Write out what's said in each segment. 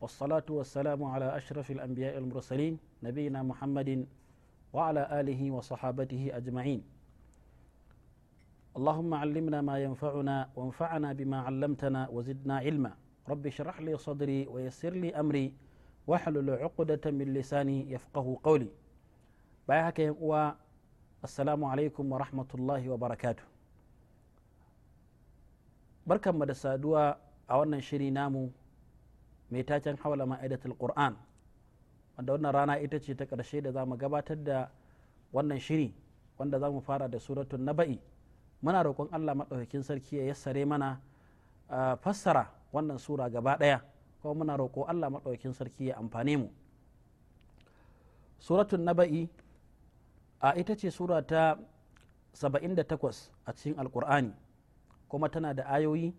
والصلاة والسلام على أشرف الأنبياء المرسلين نبينا محمد وعلى آله وصحابته أجمعين اللهم علمنا ما ينفعنا وانفعنا بما علمتنا وزدنا علما رب اشرح لي صدري ويسر لي أمري واحلل عقدة من لساني يفقه قولي بايعك و السلام عليكم ورحمة الله وبركاته بركة مدى سادوا أولنا شري نامو mai taken hawala ma'aidatul qur'an wanda wannan rana ita ce ta ƙarshe da za mu gabatar da wannan shiri wanda za mu fara da suratun naba'i muna roƙon allah maɗaukakin sarki ya yassare mana fassara wannan sura gaba ɗaya kuma muna roƙo allah maɗaukakin sarki ya amfane mu suratun naba'i a ita ce sura ta 78 a cikin alƙur'ani kuma tana da ayoyi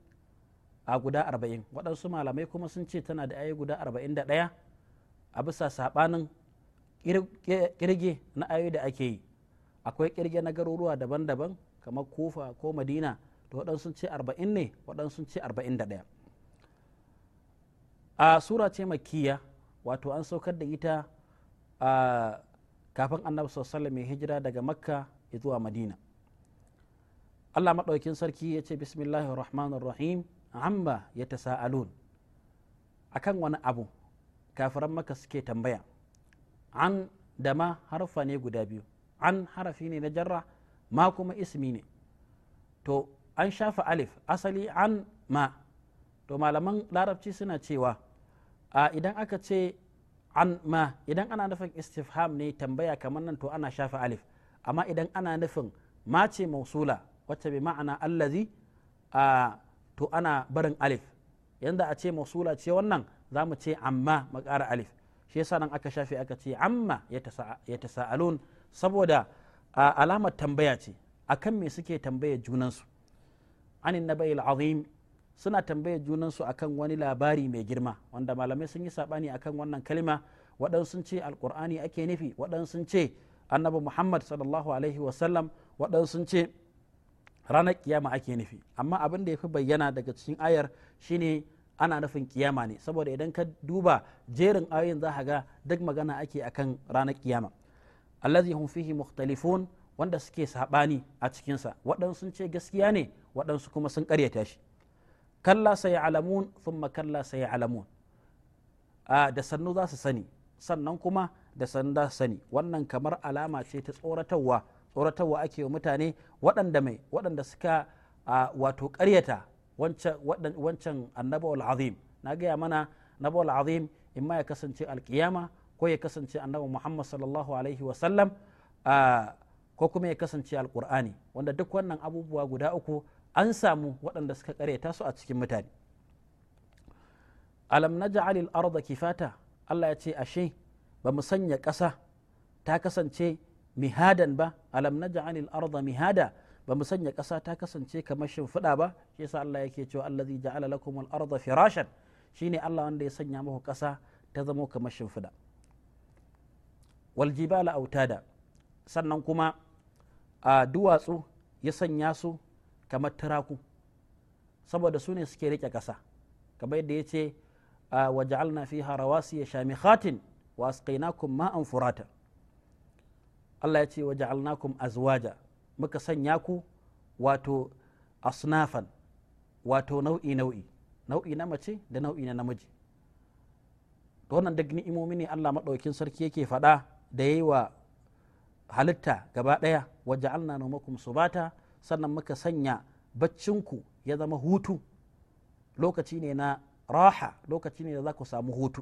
a guda arba'in waɗansu malamai kuma sun ce tana da ayoyi guda arba'in da ɗaya a bisa saɓanin ƙirge na ayoyi da ake yi akwai ƙirge na garuruwa daban-daban kamar kufa ko madina To waɗansu ce arba'in ne waɗansu ce arba'in da ɗaya a sura ce makiya wato an saukar da ita a kafin annabi sallallahu mai hijira daga makka zuwa madina allah maɗaukin sarki ya ce bismillahir rahmanir rahim amma ya ta a kan wani abu kafiran maka suke tambaya an da ma harfa ne guda biyu an harafi ne na jarra ma kuma ismi ne to an shafa alif asali an ma to malaman larabci suna cewa a idan aka ce an ma idan ana nufin istifham ne tambaya kamar nan to ana shafa alif amma idan ana nufin ma ce mausula wacce bi ma'ana allazi a to ana barin alif yanda a ce masula ce wannan za mu ce amma ƙara alif shi yasa nan aka shafe aka ce amma ya tasa'alun saboda alamar tambaya ce akan me suke tambaya junansu anin nabai azim suna tambaya junansu akan wani labari mai girma wanda malamai sun yi saɓani akan wannan kalima waɗansu sun ce alkur'ani ake nufi waɗansu sun ce annabi muhammad sallallahu alaihi wasallam waɗansu sun ce ranar kiyama ake nufi amma abin da ya fi bayyana daga cikin ayar shine ana nufin kiyama ne saboda idan ka duba jerin ayoyin za ka ga duk magana ake akan ranar kiyama allazi hum fihi mukhtalifun wanda suke sabani a cikinsa waɗansu sun ce gaskiya ne waɗansu kuma sun ƙaryata shi kalla sai thumma kalla sai a da sannu za su sani sannan kuma da sannu za su sani wannan kamar alama ce ta tsoratarwa tsoratarwa ake wa mutane waɗanda mai waɗanda suka wato ƙaryata wancan annabawal azim na gaya mana annabawal azim in ma ya kasance alkiyama ko ya kasance annabi muhammad sallallahu alaihi wasallam ko kuma ya kasance alkur'ani wanda duk wannan abubuwa guda uku an samu waɗanda suka ƙaryata su a cikin mutane alam naj'alil arda kifata Allah ya ce ashe ba mu sanya ƙasa ta kasance mihadan ba alam naj'alil arda mihada ba mu sanya ƙasa ta kasance kamar shimfiɗa ba shi yasa Allah yake cewa allazi ja'ala lakum al-arda firashan shine Allah wanda ya sanya muku ƙasa ta zamo kamar shimfiɗa wal jibala autada sannan kuma a duwatsu ya sanya su kamar turaku saboda su ne suke rike ƙasa kamar yadda ya ce wa ja'alna fiha ya shamikhatin wa asqaynakum ma'an furata Allah ya ce wa ja'alnakum azwaja muka sanya ku wato asnafan wato nau'i nau'i nau'i na mace da nau'i na namiji to wannan duk ni'imomi ne Allah madaukin sarki yake faɗa da yayi wa halitta gaba ɗaya wa ja'alna numakum subata sannan muka sanya baccin ku ya zama hutu lokaci ne na raha lokaci ne da za ku samu hutu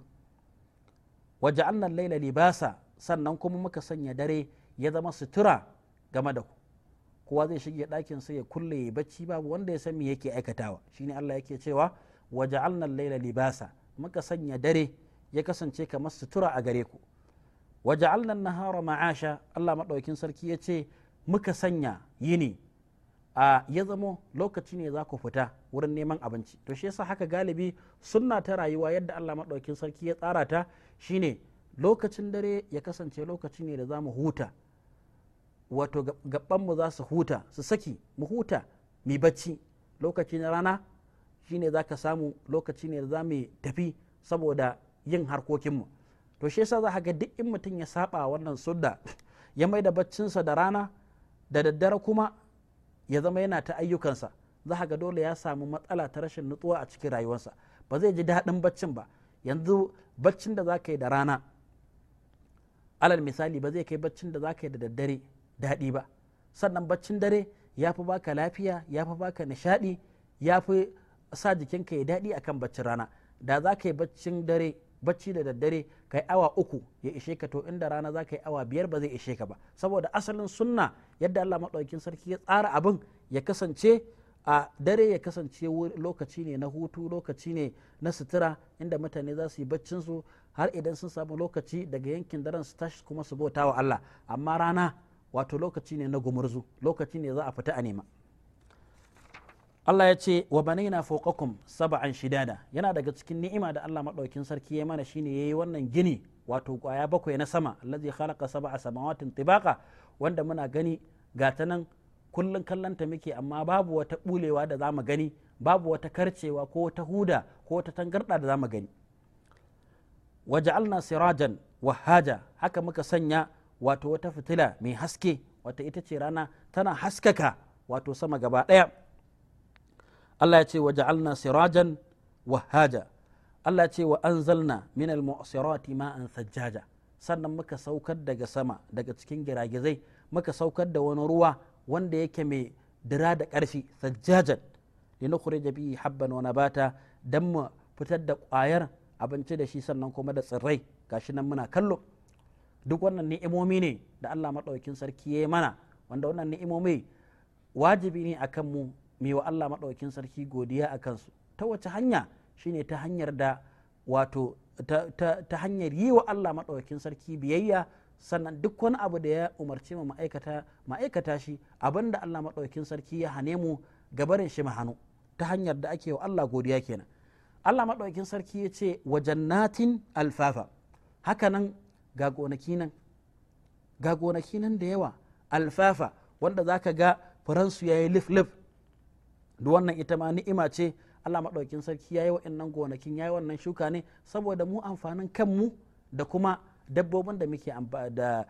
wa ja'alna laila libasa sannan kuma muka sanya dare ya zama sutura game da ku kowa zai shige ɗakin sai ya kulle ya bacci babu wanda ya san me yake aikatawa shine Allah yake cewa waje al-laila libasa muka sanya dare ya kasance kamar sutura a gare ku wa an-nahara ma'asha Allah madaukin sarki yace muka sanya yini a ya zamo lokaci ne za ku fita wurin neman abinci to shi yasa haka galibi sunna ta rayuwa yadda Allah madaukin sarki ya tsara ta shine lokacin dare ya kasance lokaci ne da za mu huta wato gabanmu za su huta su saki mu huta mu bacci lokaci na rana shine za ka samu lokaci ne za mu tafi saboda yin harkokinmu to shi yasa za ga duk in mutum ya saba wannan sudda ya mai da baccinsa da rana da daddare kuma ya zama yana ta ayyukansa za ga dole ya samu matsala ta rashin nutsuwa a cikin rayuwarsa ba zai ji daɗin baccin ba yanzu baccin da za ka yi da rana alal misali ba zai kai baccin da za ka yi da daddare daɗi ba sannan baccin dare ya fi baka lafiya ya fi baka nishaɗi ya fi sa jikinka ya daɗi akan baccin rana da za ka yi baccin dare bacci da daddare ka yi awa uku ya ishe ka to inda rana za ka yi awa biyar ba zai ishe ka ba saboda asalin sunna yadda Allah maɗaukin sarki ya tsara abin ya kasance a dare ya kasance lokaci ne na hutu lokaci ne na sutura inda mutane za su yi baccin su har idan sun samu lokaci daga yankin daren su tashi kuma su bauta wa Allah amma rana wato lokaci ne na gumurzu lokaci ne za a fita a nema Allah ya ce wa banaina fokakum saba'an shidada yana daga cikin ni'ima da Allah maɗaukin sarki ya mana shine yayi wannan gini wato kwaya bakwai na sama allazi khalaqa sab'a samawatin tibaqa wanda muna gani ga ta nan kullun kallanta muke amma babu wata bulewa da zamu gani babu wata karcewa ko wata huda ko wata tangarda da zamu gani waja'alna sirajan wahaja haka muka sanya wato wata fitila mai haske wata ita ce rana tana haskaka wato sama gaba ɗaya Allah ya ce wa ja'alna sirajan wahaja Allah ya ce wa anzalna min al ma an sajjaja sannan muka saukar daga sama daga cikin giragizai muka saukar da wani ruwa wanda yake mai dira da ƙarfi sajjajan linukhrija bihi habban wa nabata dan mu fitar da ƙwayar abinci da shi sannan kuma da tsirrai gashi nan muna kallo duk wannan ni'imomi ne da Allah maɗaukin sarki ya mana wanda wannan ni'imomi wajibi ne akan mu mai wa Allah maɗaukin sarki godiya a kansu ta wace hanya shine ta hanyar da wato ta, hanyar yi wa Allah maɗaukin sarki biyayya sannan duk wani abu da ya umarci mu ma'aikata ma'aikata shi abin da Allah maɗaukin sarki ya hane mu gabarin shi hannu ta hanyar da ake wa Allah godiya kenan Allah maɗaukin sarki ya ce wa jannatin alfafa hakanan ga gonaki nan ga gonaki nan da yawa alfafa wanda za ka ga faransu ya yi lif-lif da wannan ita ma ni'ima ce allah maɗaukin sarki ya yi wa'annan gonakin ya yi wannan shuka ne saboda mu amfanin kanmu da kuma dabbobin da muke da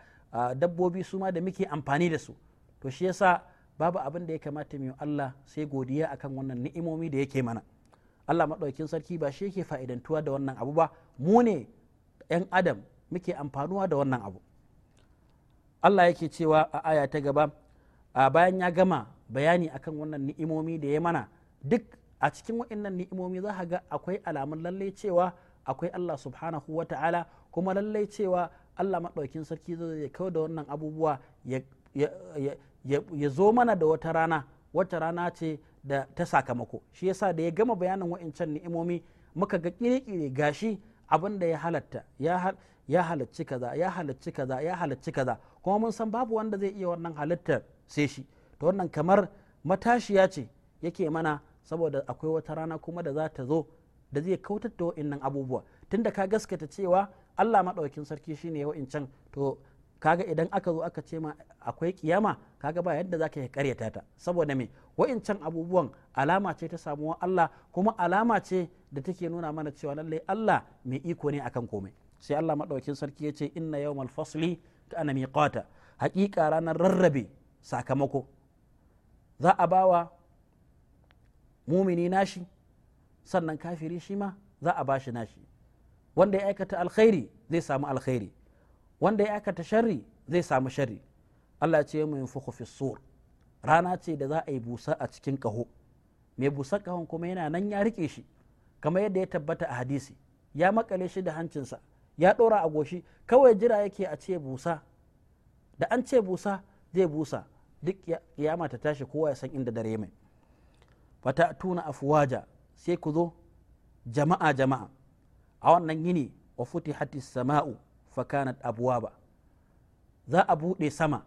dabbobi su ma da muke amfani da su to shi yasa babu abin da ya kamata mai allah sai godiya akan wannan ni'imomi da yake mana allah maɗaukin sarki ba shi yake fa'idantuwa da wannan abu ba mu ne 'yan adam muke amfanuwa da wannan abu Allah yake cewa a aya ta gaba a bayan ya gama bayani akan wannan ni'imomi da ya mana duk a cikin waɗannan ni'imomi za ga akwai alamun lalle cewa akwai Allah subhanahu wa ta'ala kuma lalle cewa Allah maɗaukin sarki zai kawo da wannan abubuwa ya zo mana da wata rana wata rana ce da ta sakamako shi yasa da ya gama bayanin wa'incan ni'imomi muka ga kire-kire gashi abin da ya halatta ya halarci kaza ya halarci kaza ya halarci kaza kuma mun san babu wanda zai iya wannan halittar sai shi to wannan kamar matashiya ce yake mana saboda akwai wata rana kuma da za ta zo da zai kautar da wa'innan abubuwa tunda ka gaskata cewa Allah maɗaukin sarki shine ya wa'incan to kaga idan aka zo aka ce ma akwai kiyama kaga ba yadda zaka karyata ta saboda me wa'incan abubuwan alama ce ta samuwa Allah kuma alama ce da take nuna mana cewa lallai Allah mai iko ne akan komai sai Allah maɗaukin sarki ya ce inna yawmal fasli ka ana miqata haƙiƙa ranar rarrabe sakamako za a bawa mumini nashi sannan kafiri shi ma za a bashi nashi wanda ya aikata alkhairi zai samu alkhairi wanda ya aikata sharri zai samu sharri Allah ce mu yunfukhu fi sur rana ce da za a yi busa a cikin kaho mai busar kahon kuma yana nan ya rike shi kamar yadda ya tabbata a hadisi ya makale shi da hancinsa ya ɗora a goshi kawai jira yake a ce busa da an ce busa zai busa duk ya ta tashi kowa ya san inda dare mai fata tuna afuwaja sai ku zo jama'a jama'a a wannan yini wa futi hati sama'u fa kanat abwaba za a buɗe sama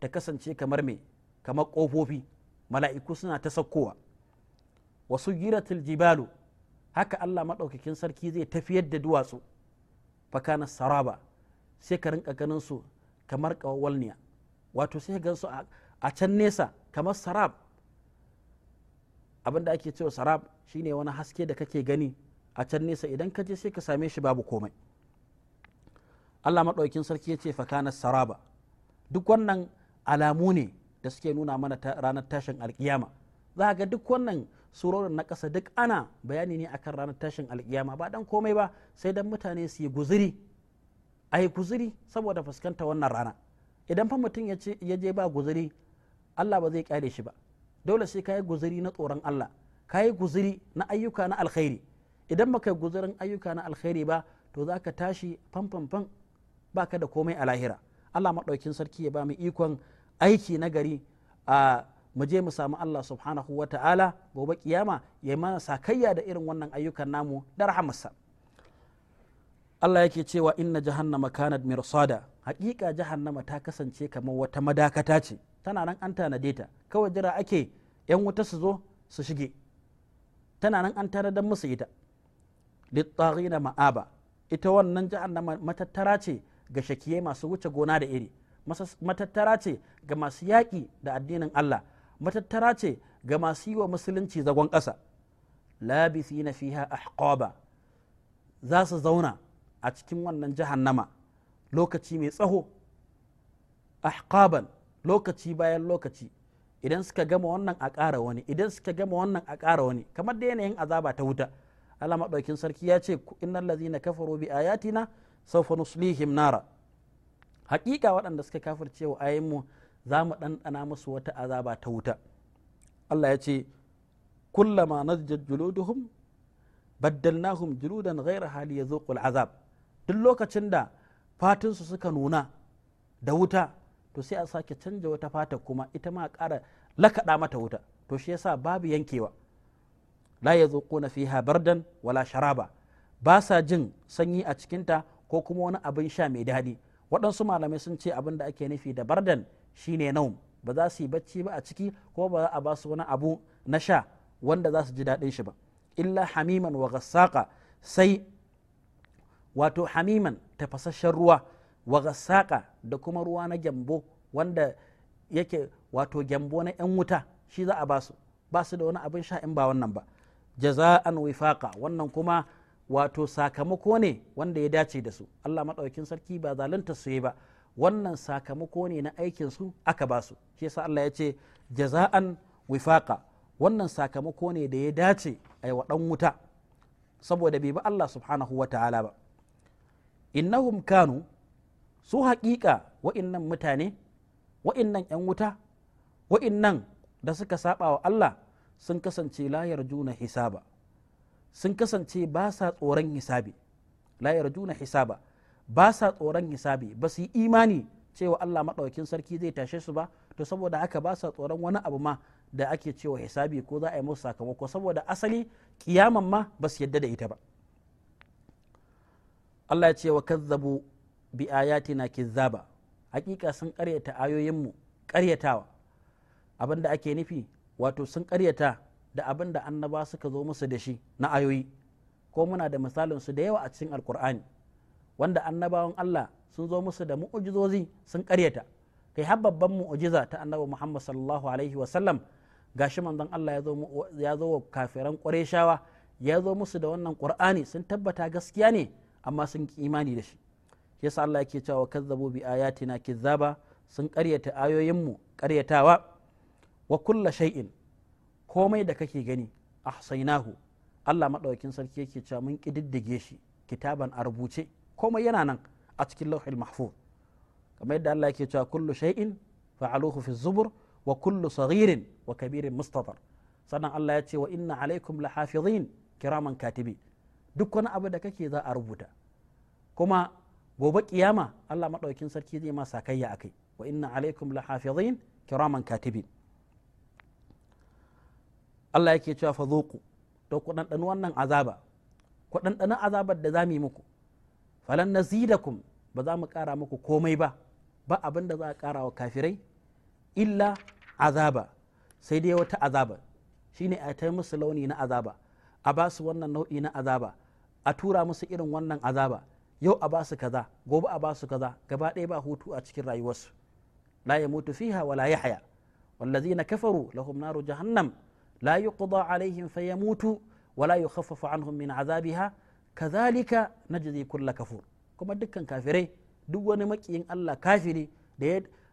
ta kasance kamar mai kamar ƙofofi mala'iku suna ta sakkowa wasu giratul jibalu haka Allah maɗaukakin sarki zai tafiyar da duwatsu fakana saraba sai ka rinka ganin su kamar kawalniya wato sai ka su a can nesa kamar sarab abinda ake cewa sarab shine wani haske da kake gani a can nesa idan ka je sai ka same shi babu komai Allah maɗaukin sarki ya ce fakana saraba duk wannan alamu ne da suke nuna mana ranar tashin alkiyama za ga duk wannan surorin na ƙasa duk ana bayani ne akan ranar tashin alƙiyama ba dan komai ba sai dan mutane su yi guziri a yi guziri saboda fuskanta wannan rana idan fa mutum ya je ba guziri Allah ba zai kyale shi ba dole sai ka yi guziri na tsoron Allah ka yi guziri na ayyuka na alkhairi idan baka yi guzirin ayyuka na alkhairi ba to za ka tashi fanfanfan ka da komai a lahira Allah maɗaukin sarki ya ba mu ikon aiki na gari a mu je mu samu Allah subhanahu wa ta'ala gobe kiyama ya mana sakayya da irin wannan ayyukan namu da rahamarsa Allah yake cewa inna jahannama kanat mirsada hakika jahannama ta kasance kamar wata madakata ce tana nan an tanade ta kawai jira ake yan wuta su zo su shige tana nan an tanadar musu ita littaghina ma'aba ita wannan jahannama matattara ce ga shakiyai masu wuce gona da iri matattara ce ga masu yaƙi da addinin Allah matattara ce ga masu yi wa musulunci zagon ƙasa labisi na fiha ahqaba za su zauna a cikin wannan jahannama lokaci mai tsaho ahqaban lokaci bayan lokaci idan suka gama wannan a ƙara wani idan suka gama wannan a ƙara wani kamar da yanayin azaba ta wuta Allah maɗaukin sarki ya ce innal ladzina kafaru bi ayatina sawfa nuslihim nara haƙiƙa waɗanda suka kafirce wa mu. za mu ɗanɗana musu wata azaba ta wuta Allah ya ce kullama nazjat juluduhum baddalnahum juludan ghayra hali ya yazuqul azab duk lokacin da fatinsu suka nuna da wuta to sai a sake canja wata fata kuma ita ma ƙara lakaɗa mata wuta to shi yasa babu yankewa la ya yazuquna fiha bardan wala sharaba ba sa jin sanyi a cikinta ko kuma wani abin sha mai daɗi waɗansu malamai sun ce abin da ake nufi da bardan shine naum ba za su yi bacci ba a ciki ko ba za a ba su wani abu na sha wanda za su ji daɗin shi ba illa hamiman wa gassaka sai wato hamiman tafasasshen ruwa wa gassaka da kuma ruwa na gyambo wanda yake wato gyambo na 'yan wuta shi za a ba su ba su da wani abin sha in ba wannan ba jaza'an wifaqa wannan kuma wato sakamako ne wanda ya dace da su Allah maɗaukin sarki ba zalunta su yi ba wannan sakamako ne na aikin su aka ba su shi yasa Allah ya ce jaza'an wifaqa wannan sakamako ne da ya dace a yi wa wuta saboda bai bi Allah subhanahu wa ta'ala ba innahum kanu su haƙiƙa wa'innan mutane wa'innan 'yan wuta wa'innan da suka saba wa Allah sun kasance layar juna hisaba sun kasance ba sa tsoron hisabi layar juna hisaba ba sa tsoron hisabi ba su yi imani cewa Allah maɗaukin sarki zai tashe su ba to saboda haka ba sa tsoron wani abu ma da ake cewa hisabi ko za a yi musu sakamako saboda asali kiyaman ma ba su yadda da ita ba Allah ya ce wa kazzabu bi na kizzaba hakika sun karyata ayoyinmu karyatawa abin da ake nufi wato sun karyata da abin da annaba suka zo musu da shi na ayoyi ko muna da misalin su da yawa a cikin alkur'ani wanda annabawan Allah sun zo musu da mu'ujizozi sun karyata kai har babban mu'ujiza ta annabi Muhammad sallallahu alaihi wa sallam gashi manzon Allah ya zo wa kafiran Qurayshawa ya zo musu da wannan Qur'ani sun tabbata gaskiya ne amma sun ki imani da shi yasa Allah yake cewa kazzabu bi ayatina kizzaba sun karyata ayoyinmu karyatawa wa kulla shay'in komai da kake gani ahsainahu Allah madaukakin sarki yake cewa mun kididdige shi kitaban a rubuce komai yana nan a cikin lauhin mahfuz kamar yadda Allah yake cewa kullu shay'in fa'aluhu fi zubur wa kullu saghirin wa kabirin mustatar sannan Allah ya ce wa inna alaikum lahafizin kiraman katibi duk wani abu da kake za a rubuta kuma gobe kiyama Allah madaukin sarki zai ma sakayya akai wa inna alaikum lahafizin kiraman katibi. Allah yake cewa fa zuku to ku dan wannan azaba ku dan azabar da zamu yi muku falan nazidakum ba za mu kara muku komai ba ba abin da za a kara wa kafirai illa azaba sai dai wata azaba shine a ta musu launi na azaba a ba su wannan nau'i na azaba a tura musu irin wannan azaba yau a ba su kaza gobe a ba su kaza gaba ɗaya ba hutu a cikin rayuwarsu la yamutu fiha wa la yahya wallazina kafaru lahum naru jahannam la yuqda alaihim fayamutu wa la yukhaffafu anhum min azabiha kazalika najzi kulla kafur kuma dukkan kafirai duk wani makiyin Allah kafiri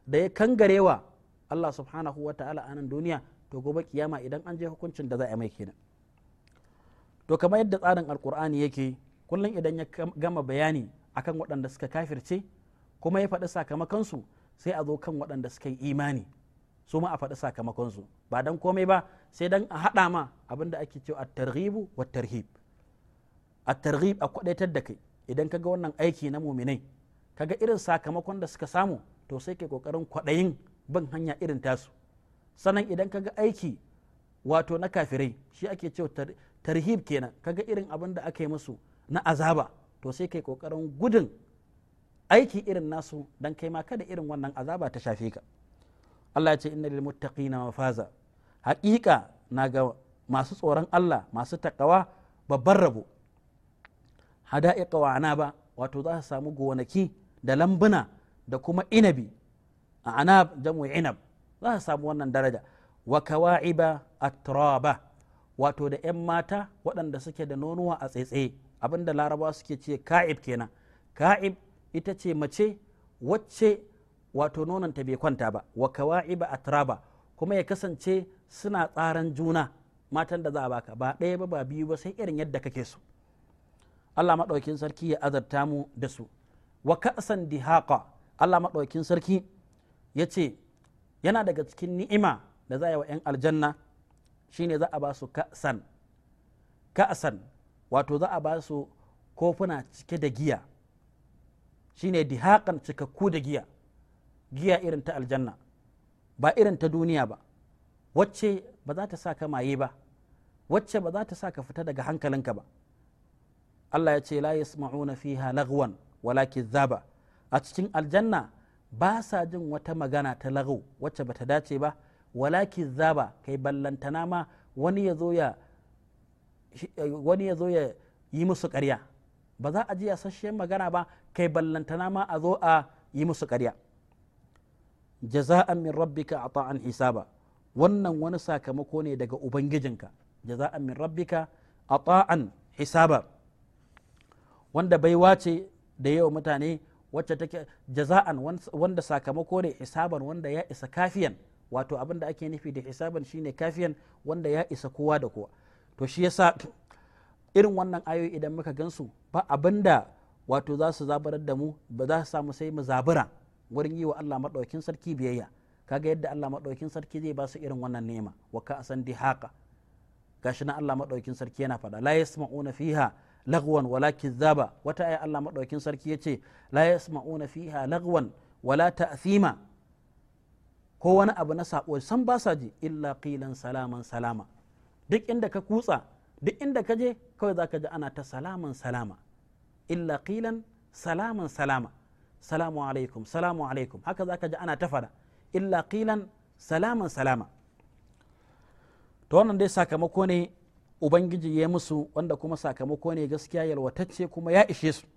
da ya kangarewa Allah subhanahu wa ta'ala anan duniya to gobe kiyama idan an je hukuncin da za a mai kenan to kamar yadda tsarin alkur'ani yake kullum idan ya gama bayani akan waɗanda suka kafirce kuma ya faɗi sakamakonsu sai a zo kan waɗanda suka yi imani su ma a faɗi sakamakonsu ba dan komai ba sai dan a haɗa ma abinda ake cewa at-targhibu wat-tarhib A targhib a kwadaitar da kai idan ka ga wannan aiki na muminai ga irin sakamakon da suka samu to sai kai kokarin kwadayin bin hanya irin tasu sannan idan ka ga aiki wato na kafirai shi ake cewa tarhib kenan ka ga irin abin da aka yi musu na azaba to sai kai kokarin gudun aiki irin nasu dan kai ma kada irin wannan azaba ta shafe ka Allah ya ce inna lil muttaqina mafaza haƙiƙa na ga masu tsoron Allah masu takawa babban rabo hada'iqa wa ba wato za su samu gonaki da lambuna da kuma inabi a anab jamu inab za su samu wannan daraja wa kawa'iba atraba wato da 'yan mata waɗanda suke da nonuwa a tsaitsaye abinda larabawa suke ce ka'ib kenan ka'ib ita ce mace wacce wato nonon ta bai kwanta ba wa kawa'iba atraba kuma ya kasance suna tsaran juna matan da za a baka ba ɗaya ba ba biyu ba sai irin yadda kake so Allah maɗaukin sarki ya azarta mu da su wa ka'san dihaqa Allah maɗaukin sarki ya ce yana daga cikin ni'ima da za a yi wa 'yan aljanna shine za a ba su ka'san ka'san wato za a ba su kofuna cike da giya shine dihaqan cikakku da giya giya irin ta aljanna ba irin ta duniya ba wacce ba za ta sa ka maye ba wacce ba za ta sa ka fita daga hankalinka ba Allah ya ce la yasma'una fiha lagwan wala kizaba a cikin aljanna ba sa jin wata magana ta lagau wacce bata dace ba wala kizaba kai ballantana ma wani ya zo ya wani ya zo ya yi musu ƙarya ba za a ji yasasshiyar magana ba kai ballantana ma a zo a yi musu ƙarya jaza'an min rabbika ata'an hisaba wannan wani sakamako ne daga ubangijinka jaza'an min rabbika ata'an hisaba wanda baiwa ce da yawa mutane wacce take jaza'an wanda sakamako ne hisaban wanda ya isa kafiyan wato abin da ake nufi da hisaban shine kafiyan wanda ya isa kowa da kowa to shi yasa irin wannan ayoyi idan muka gansu ba abin da wato za su zabarar da mu ba za su samu sai mu zabura wurin yi wa Allah maɗaukin sarki biyayya kaga yadda Allah maɗaukin sarki zai ba su irin wannan nema wa ka asan di haka gashi na Allah maɗaukin sarki yana faɗa la yasma'una fiha lagwan wala kizzaba wata aya Allah madaukin sarki yace la yasma'una fiha lagwan wala ta'thima ko wani abu na sako san ba sa ji illa qilan salaman salama duk inda ka kutsa duk inda ka je kawai zaka ji ana ta salaman salama illa qilan salaman salama salamu alaikum salamu alaikum haka zaka ji ana ta fada illa qilan salaman salama to wannan dai sakamako ne ubangiji ya musu wanda kuma sakamako ne gaskiya yalwatacce kuma ya ishe su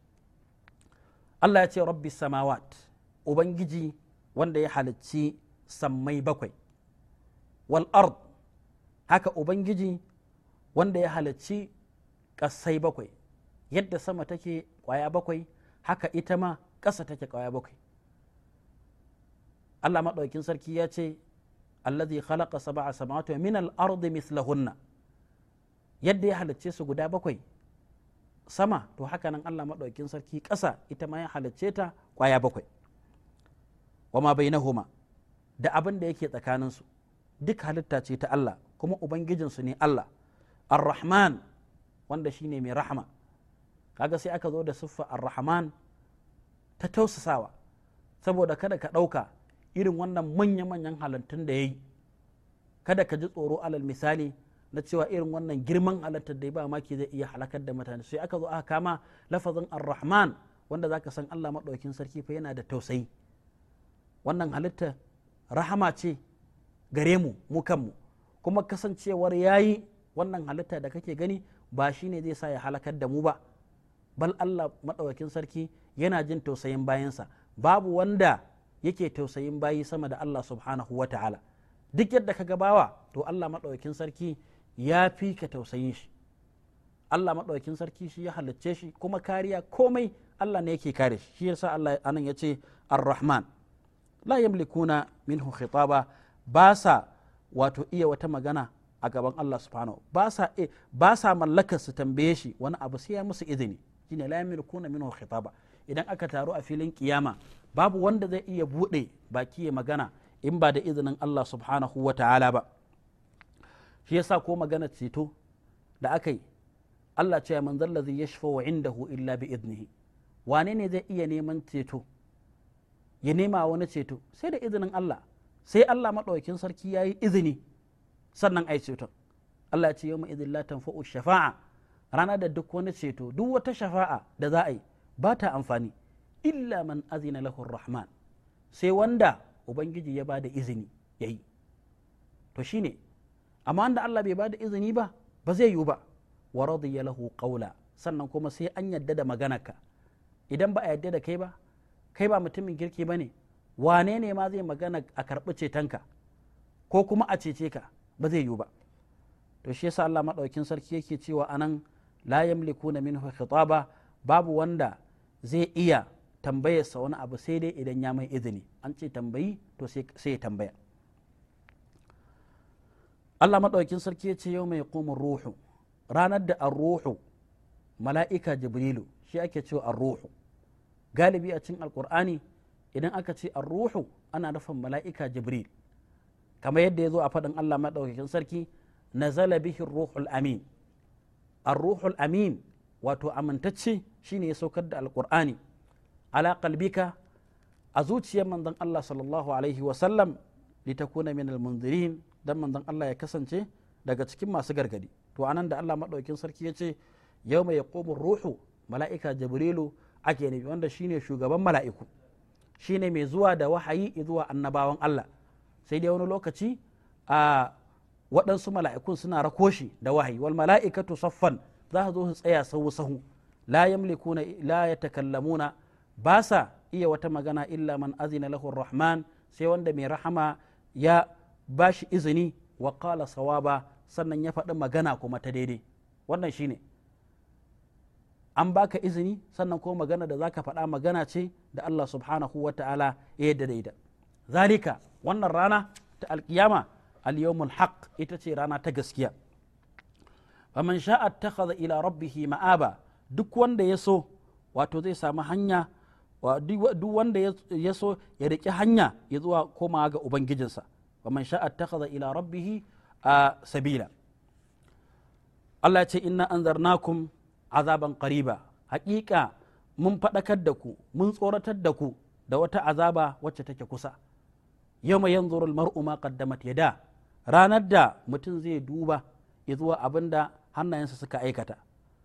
allah ya ce rabbi samawat ubangiji wanda ya halicci sammai bakwai wal ard haka ubangiji wanda ya halicci kasai bakwai yadda sama take kwaya bakwai haka ita ma ƙasa take kwaya bakwai allah maɗaukin sarki ya ce allazi khalaqa sab'a samawati min al-ardi mithlahunna yadda ya halicce su guda bakwai sama to haka nan Allah maɗaukin sarki ƙasa ita ma ya halicce ta ƙwaya bakwai wama homa da abin da yake tsakaninsu duk halitta ce ta Allah kuma ubangijinsu ne Allah ar-rahman wanda shine mai rahama kaga sai aka zo da siffa ar-rahman ta tausasawa saboda kada ka ɗauka irin wannan manya-manyan halittun da ya yi kada ka ji tsoro alal misali na cewa irin wannan girman halartar da ba maki zai iya halakar da mutane sai aka zo aka kama lafazin ar-rahman wanda zaka san Allah maɗaukin sarki fa yana da tausayi wannan halitta rahama ce gare mu mu kanmu kuma kasancewar yayi wannan halitta da kake gani ba shine zai sa ya halakar da mu ba bal Allah madaukin sarki yana jin tausayin bayansa babu wanda yake tausayin bayi sama da Allah subhanahu wa ta'ala duk yadda ka gabawa to Allah madaukin sarki ya fi ka tausayin shi Allah maɗaukin sarki shi ya halicce shi kuma kariya komai Allah ne yake kare shi shi yasa Allah anan ya ce ar-rahman la yamlikuna minhu khitaba ba sa wato iya wata magana a gaban Allah subhanahu ba sa e, ba sa mallakar su tambaye shi wani abu sai ya musu izini shine la yamlikuna minhu khitaba idan aka taru a filin kiyama babu wanda zai iya bude baki ya magana in ba da izinin Allah subhanahu wa ta'ala ba shi yasa ko magana ceto da aka yi Allah ce man zallazi ya shafa wa indahu illa bi idnihi wane ne zai iya neman ceto ya nema wani ceto sai da izinin Allah sai Allah maɗaukin sarki ya yi izini sannan ai ceton Allah ya ce yau idin la tanfa'u shafa'a Rana da duk wani ceto duk wata shafa'a da za a yi ba ta amfani illa man azina lahu rahman sai wanda ubangiji ya ba da izini yayi to shine amma wanda Allah bai bada izini ba ba zai yiwu ba wa radiya lahu qawla sannan kuma sai an yadda da maganarka idan ba a yadda da kai ba kai ba mutumin kirki bane wane ne ma zai magana a karɓi cetonka ko kuma a cece ka ba zai yiwu ba to shi yasa Allah madaukin sarki yake cewa anan la yamlikuna minhu khitaba babu wanda zai iya tambayarsa wani abu sai dai idan ya mai izini an ce tambayi to sai ya tambaya Allah maɗaukin sarki ya ce yau mai komin ruhu ranar da an ruhu mala'ika jibrilu shi ake cewa an ruhu galibi a cin alkur'ani idan aka ce an ruhu ana nufin mala'ika jibril kamar yadda ya zo a faɗin Allah maɗaukakin sarki nazala bihin ruhul amin an ruhul amin wato amintacce shine ya saukar da alkur'ani ala kalbika a zuciyar manzon Allah sallallahu alaihi wasallam litakuna min almunzirin dan manzon Allah ya kasance daga cikin masu gargadi to anan da Allah madaukin sarki ya ce yace mai yaqumu ruhu mala'ika jibrilu ake nufi wanda shine shugaban mala'iku shine mai zuwa da wahayi zuwa annabawan Allah sai dai wani lokaci a waɗansu mala'ikun suna rakoshi da wahayi wal mala'ikatu saffan za su zo su tsaya sau sahu la yamlikuna la yatakallamuna ba sa iya wata magana illa man azina lahu rahman sai wanda mai rahama ya ba shi izini wa sawa sawaba sannan ya faɗi magana kuma ta daidai wannan shi ne an baka izini sannan kuma magana da za ka faɗa magana ce da Allah subhanahu wa ta'ala ya yadda da ita zalika wannan rana ta alkiyama al-yawmul ita ce rana ta gaskiya faman sha'a takhadha ila rabbihi ma'aba duk wanda ya so wato zai samu hanya duk wanda ya so ya riƙi hanya ya zuwa komawa ga ubangijinsa wa man sha'a takhadha ila rabbih a sabila Allah ce inna anzarnakum azaban qariba haƙiƙa mun faɗakar da ku mun tsoratar da ku da wata azaba wacce take kusa yawma yanzuru al-mar'u ma qaddamat yada ranar da mutum zai duba zuwa abinda hannayensa suka aikata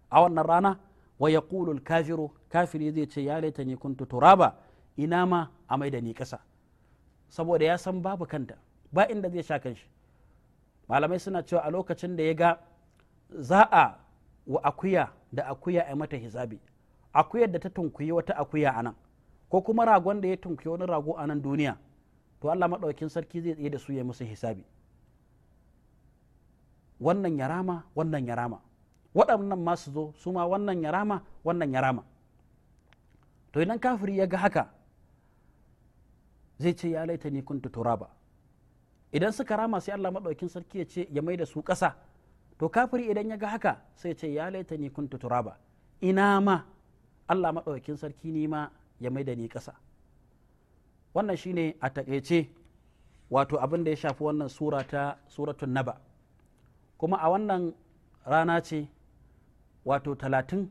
a wannan rana wa yaqulu al-kafiru kafiri zai ce ya ni kuntu turaba ina ma a mai da ni ƙasa saboda ya san babu kanta ba inda zai sha kan shi. malamai suna cewa a lokacin da ya ga za a wa akuya da akuya a mata hisabi akuyar da ta tunkuyi wata akuya a nan ko kuma ragon da ya tunkuyi wani rago a nan duniya to Allah maɗaukin sarki zai tsaye da su ya musu hisabi wannan ya rama wannan ya rama waɗannan ma su zo su ma wannan yarama, rama wannan ya to idan kafiri ya ga haka zai ce ya laita ni kuntu turaba idan suka rama sai Allah maɗaukin sarki ya ce ya mai da su kasa. to kafiri idan ya ga haka sai ce ya laita ni kuntu turaba ina ma Allah maɗaukin sarki ni ma ya mai da ni ƙasa wannan shine a taƙaice wato abin da ya shafi wannan sura ta suratun naba kuma a wannan rana ce wato talatin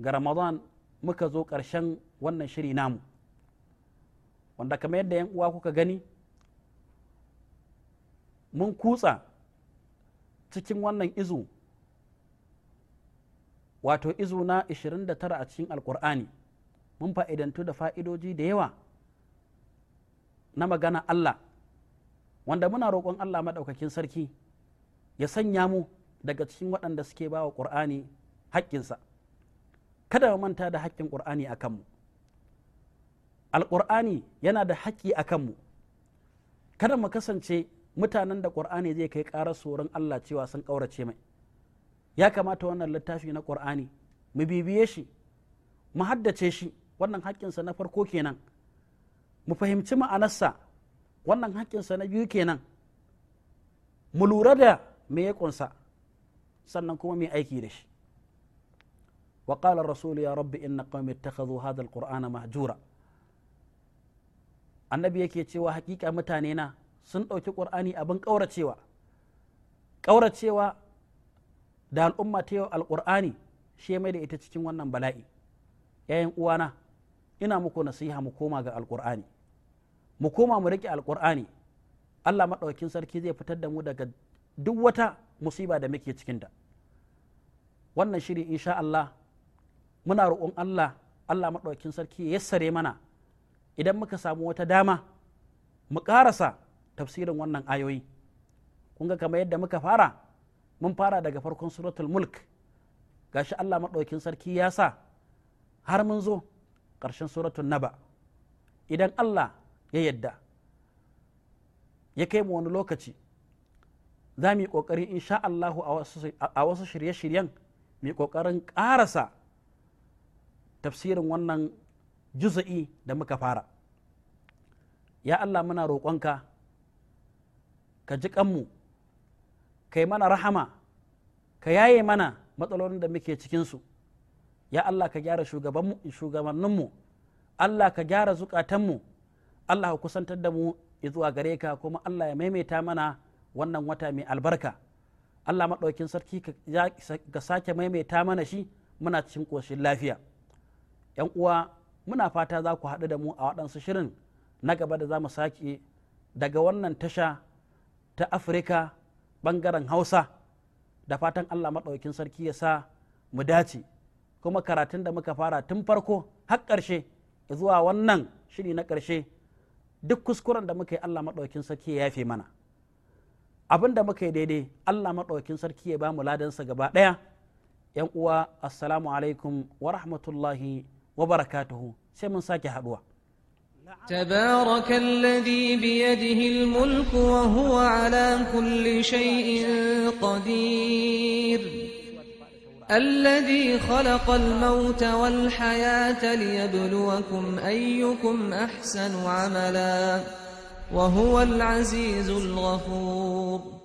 ga ramadan muka zo ƙarshen wannan shiri namu wanda kamar yadda 'yan uwa kuka gani mun kutsa cikin wannan izu wato izu na 29 a cikin alkur'ani mun fa'idantu da fa'idoji da yawa na magana Allah wanda muna roƙon Allah maɗaukakin sarki ya sanya mu daga cikin waɗanda suke ba wa ƙur'ani haƙƙinsa kada mu manta da haƙƙin ƙur'ani a kanmu alƙur'ani yana da haƙƙi a kanmu kada mu kasance mutanen da ƙur'ani zai kai ƙarar tsoron Allah cewa sun ƙaurace mai ya kamata wannan littafi na qur'ani mu bibiye shi mu haddace shi wannan haƙƙinsa na farko kenan mu fahimci ma'anarsa wannan haƙƙinsa na biyu kenan mu lura da me ya ƙunsa sannan kuma mai aiki da shi wa qala rasulu ya rabbi inna qaumi ittakhadhu hadha alqur'ana mahjura annabi yake cewa haƙiƙa mutane na sun ɗauki ƙur'ani abin ƙauracewa ƙauracewa da al'umma ta yau alƙur'ani shi mai da ita cikin wannan bala'i yayin uwana ina muku nasiha mu koma ga alƙur'ani mu koma mu riƙe alƙur'ani allah maɗaukin sarki zai fitar da mu daga duk wata musiba da muke cikin da wannan shiri insha allah muna roƙon allah allah maɗaukin sarki ya yassare mana idan muka samu wata dama mu ƙarasa tafsirin wannan ayoyi kun ga kamar yadda muka fara mun fara daga farkon suratul mulk gashi Allah maɗaukin sarki ya sa har mun zo ƙarshen suratul naba idan Allah ya yadda ya kai mu wani lokaci za mu yi ƙoƙari insha Allahu a wasu shirye-shiryen mu yi ƙoƙarin ƙarasa tafsirin wannan juza'i da muka fara ya Allah muna roƙonka ka ji kanmu ka yi mana rahama ka yaye mana matsalolin da muke cikinsu ya Allah ka gyara shugabanninmu Allah ka gyara zukatanmu Allah ka kusantar da mu zuwa gare ka kuma Allah ya maimaita mana wannan wata mai albarka Allah maɗaukin sarki ka sake maimaita mana shi muna cikin ƙoshin lafiya ‘yan uwa muna fata za ku haɗu da mu a waɗansu shirin na gaba da za mu sake daga wannan tasha ta afirka bangaren hausa da fatan allah maɗaukin sarki ya sa mu dace kuma karatun da muka fara tun farko har ƙarshe zuwa wannan shiri na ƙarshe duk kuskuren da muka yi allah maɗaukin sarki ya yafe mana abin da muka yi daidai allah maɗaukin sarki ya ba mu ladansa gaba ɗaya yan uwa assalamu alaikum wa rahmatullahi wa barakatuhu sai mun sake haɗuwa تبارك الذي بيده الملك وهو على كل شيء قدير الذي خلق الموت والحياة ليبلوكم أيكم أحسن عملا وهو العزيز الغفور